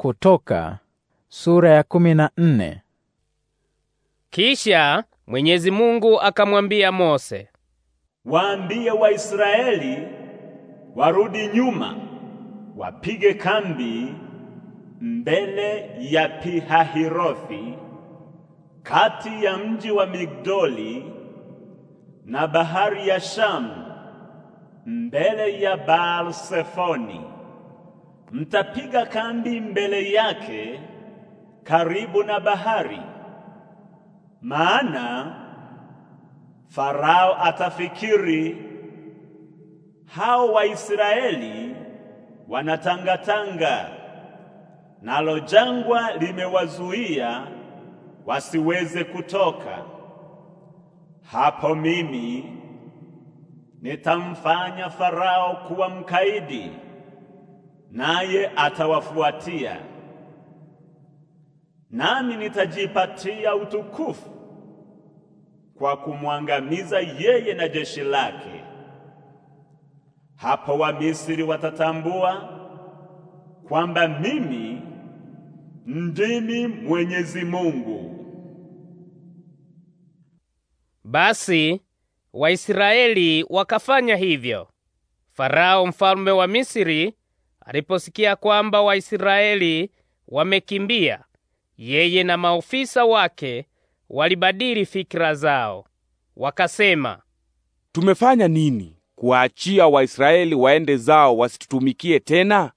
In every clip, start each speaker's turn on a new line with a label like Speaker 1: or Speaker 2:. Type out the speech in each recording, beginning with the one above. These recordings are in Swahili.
Speaker 1: Kutoka sura ya kumi na nne.
Speaker 2: Kisha Mwenyezi Mungu akamwambia Mose, waambie
Speaker 1: Waisraeli warudi nyuma, wapige kambi mbele ya Pihahirothi, kati ya mji wa Migdoli na bahari ya Shamu, mbele ya Baal-Sefoni mtapiga kambi mbele yake karibu na bahari, maana Farao atafikiri hao Waisraeli wanatangatanga, nalo jangwa limewazuia wasiweze kutoka. Hapo mimi nitamfanya Farao kuwa mkaidi naye atawafuatia, nami nitajipatia utukufu kwa kumwangamiza yeye na jeshi lake. Hapo Wamisri watatambua kwamba
Speaker 2: mimi ndimi Mwenyezi Mungu. Basi Waisraeli wakafanya hivyo. Farao mfalme wa Misri Aliposikia kwamba Waisraeli wamekimbia, yeye na maofisa wake walibadili fikira zao, wakasema,
Speaker 1: tumefanya nini kuachia Waisraeli waende zao wasitutumikie tena?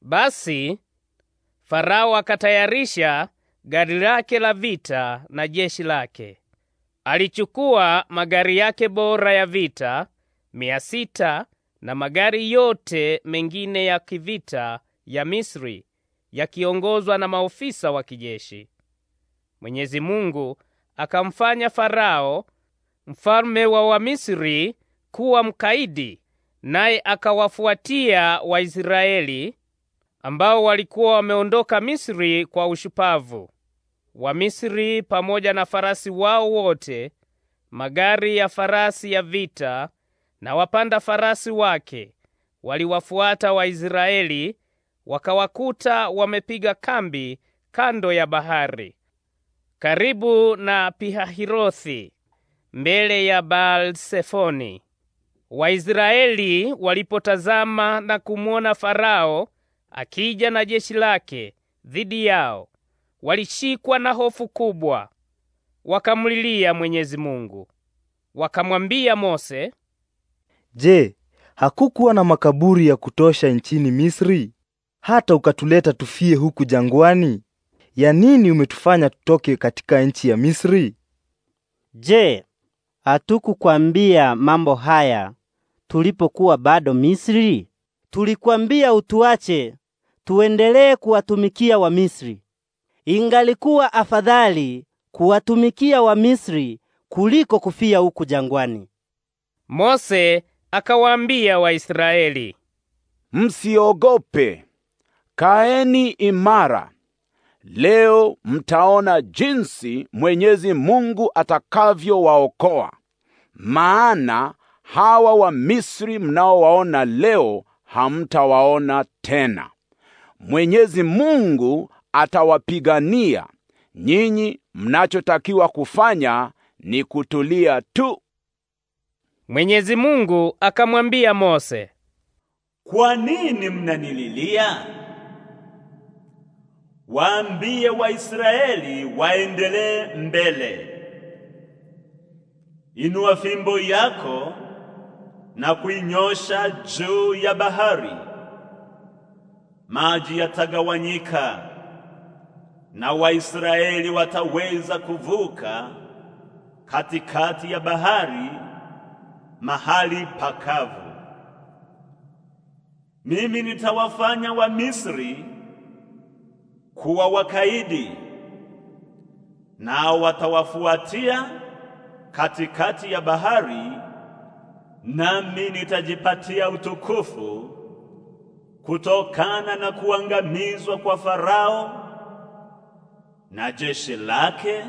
Speaker 2: Basi Farao akatayarisha gari lake la vita na jeshi lake. Alichukua magari yake bora ya vita mia sita na magari yote mengine ya kivita ya Misri yakiongozwa na maofisa wa kijeshi. Mwenyezi Mungu akamfanya Farao mfalme wa Wamisri kuwa mkaidi, naye akawafuatia Waisraeli ambao walikuwa wameondoka Misri kwa ushupavu. Wamisri pamoja na farasi wao wote, magari ya farasi ya vita na wapanda farasi wake waliwafuata Waisraeli wakawakuta wamepiga kambi kando ya bahari karibu na Pihahirothi mbele ya Baal-Sefoni. Waisraeli walipotazama na kumwona Farao akija na jeshi lake dhidi yao, walishikwa na hofu kubwa, wakamlilia Mwenyezi Mungu. Wakamwambia Mose,
Speaker 1: Je, hakukuwa na makaburi ya kutosha nchini Misri hata ukatuleta tufie huku jangwani? Ya nini umetufanya tutoke katika nchi
Speaker 2: ya Misri? Je, hatukukwambia mambo haya tulipokuwa bado Misri? Tulikwambia utuache tuendelee kuwatumikia Misri. Ingalikuwa afadhali kuwatumikia Misri kuliko kufia huku jangwani. Mose akawaambia Waisraeli, msiogope,
Speaker 1: kaeni imara. Leo mtaona jinsi Mwenyezi Mungu atakavyowaokoa, maana hawa wa Misri mnaowaona leo hamtawaona tena. Mwenyezi Mungu atawapigania. Nyinyi mnachotakiwa
Speaker 2: kufanya ni kutulia tu Mwenyezi Mungu akamwambia Mose, kwa nini mnanililia?
Speaker 1: Waambie Waisraeli waendelee mbele. Inua fimbo yako na kuinyosha juu ya bahari, maji yatagawanyika na Waisraeli wataweza kuvuka katikati ya bahari mahali pakavu. Mimi nitawafanya Wamisri kuwa wakaidi, nao watawafuatia katikati ya bahari, nami nitajipatia utukufu kutokana na kuangamizwa kwa Farao na jeshi lake,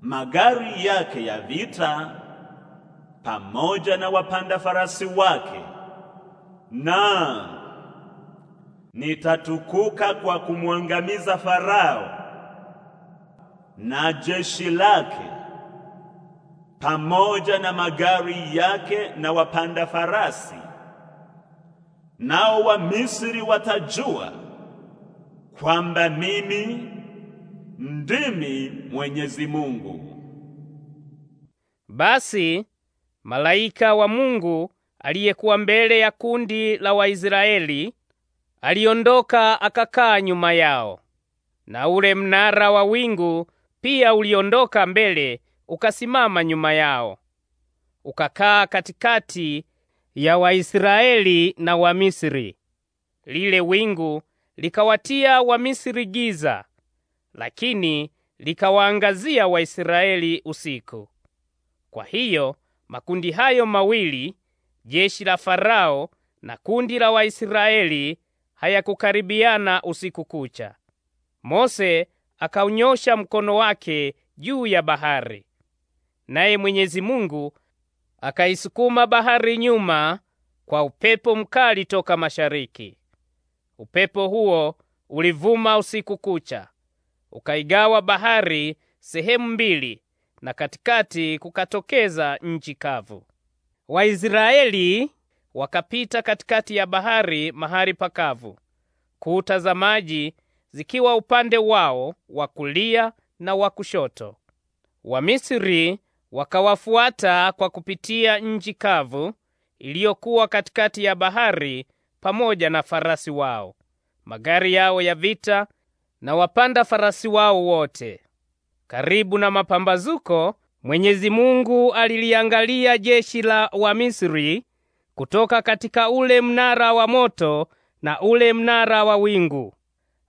Speaker 1: magari yake ya vita pamoja na wapanda farasi wake, na nitatukuka kwa kumwangamiza Farao na jeshi lake pamoja na magari yake na wapanda farasi. Nao Wamisri watajua kwamba mimi ndimi Mwenyezi Mungu.
Speaker 2: Basi malaika wa Mungu aliyekuwa mbele ya kundi la Waisraeli aliondoka akakaa nyuma yao, na ule mnara wa wingu pia uliondoka mbele ukasimama nyuma yao, ukakaa katikati ya Waisraeli na Wamisri. Lile wingu likawatia Wamisri giza, lakini likawaangazia Waisraeli usiku. Kwa hiyo Makundi hayo mawili, jeshi la Farao na kundi la Waisraeli, hayakukaribiana usiku kucha. Mose akaunyosha mkono wake juu ya bahari, naye Mwenyezi Mungu akaisukuma bahari nyuma kwa upepo mkali toka mashariki. Upepo huo ulivuma usiku kucha, ukaigawa bahari sehemu mbili, na katikati kukatokeza nchi kavu. Waisraeli wakapita katikati ya bahari mahali pakavu, kuta za maji zikiwa upande wao wa kulia na wa kushoto. Wamisri wakawafuata kwa kupitia nchi kavu iliyokuwa katikati ya bahari, pamoja na farasi wao, magari yao ya vita na wapanda farasi wao wote. Karibu na mapambazuko, Mwenyezi Mungu aliliangalia jeshi la Wamisri kutoka katika ule mnara wa moto na ule mnara wa wingu,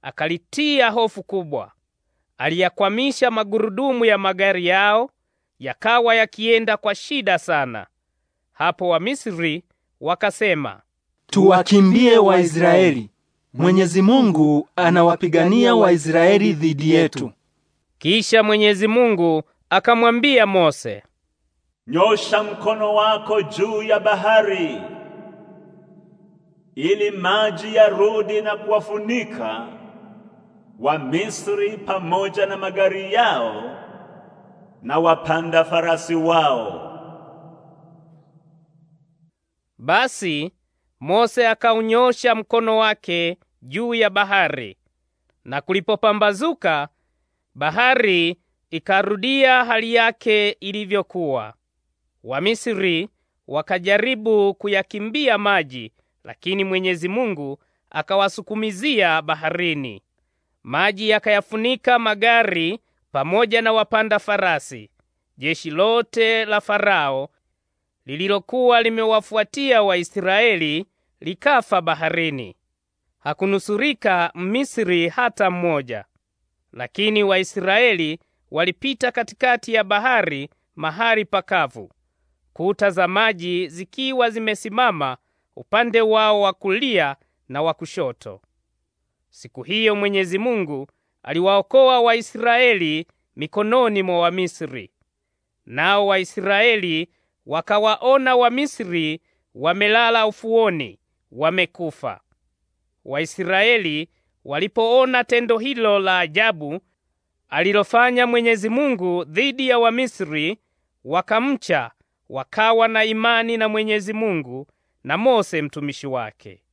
Speaker 2: akalitia hofu kubwa. Aliyakwamisha magurudumu ya magari yao, yakawa yakienda kwa shida sana. Hapo Wamisri wakasema,
Speaker 1: tuwakimbie Waisraeli, Mwenyezi Mungu anawapigania Waisraeli dhidi yetu.
Speaker 2: Kisha Mwenyezi Mungu akamwambia Mose, nyosha mkono wako
Speaker 1: juu ya bahari ili maji yarudi na kuwafunika wa Misri pamoja na magari yao
Speaker 2: na wapanda farasi wao. Basi Mose akaunyosha mkono wake juu ya bahari, na kulipopambazuka Bahari ikarudia hali yake ilivyokuwa. Wamisri wakajaribu kuyakimbia maji, lakini Mwenyezi Mungu akawasukumizia baharini. Maji yakayafunika magari pamoja na wapanda farasi. Jeshi lote la Farao lililokuwa limewafuatia Waisraeli likafa baharini. Hakunusurika Misri hata mmoja. Lakini Waisraeli walipita katikati ya bahari mahali pakavu, kuta za maji zikiwa zimesimama upande wao wa kulia na wa kushoto. Siku hiyo Mwenyezi Mungu aliwaokoa Waisraeli mikononi mwa Wamisri, nao Waisraeli wakawaona Wamisri wamelala ufuoni, wamekufa. Waisraeli walipoona tendo hilo la ajabu alilofanya Mwenyezi Mungu dhidi ya Wamisri, wakamcha, wakawa na imani na Mwenyezi Mungu na Mose mtumishi wake.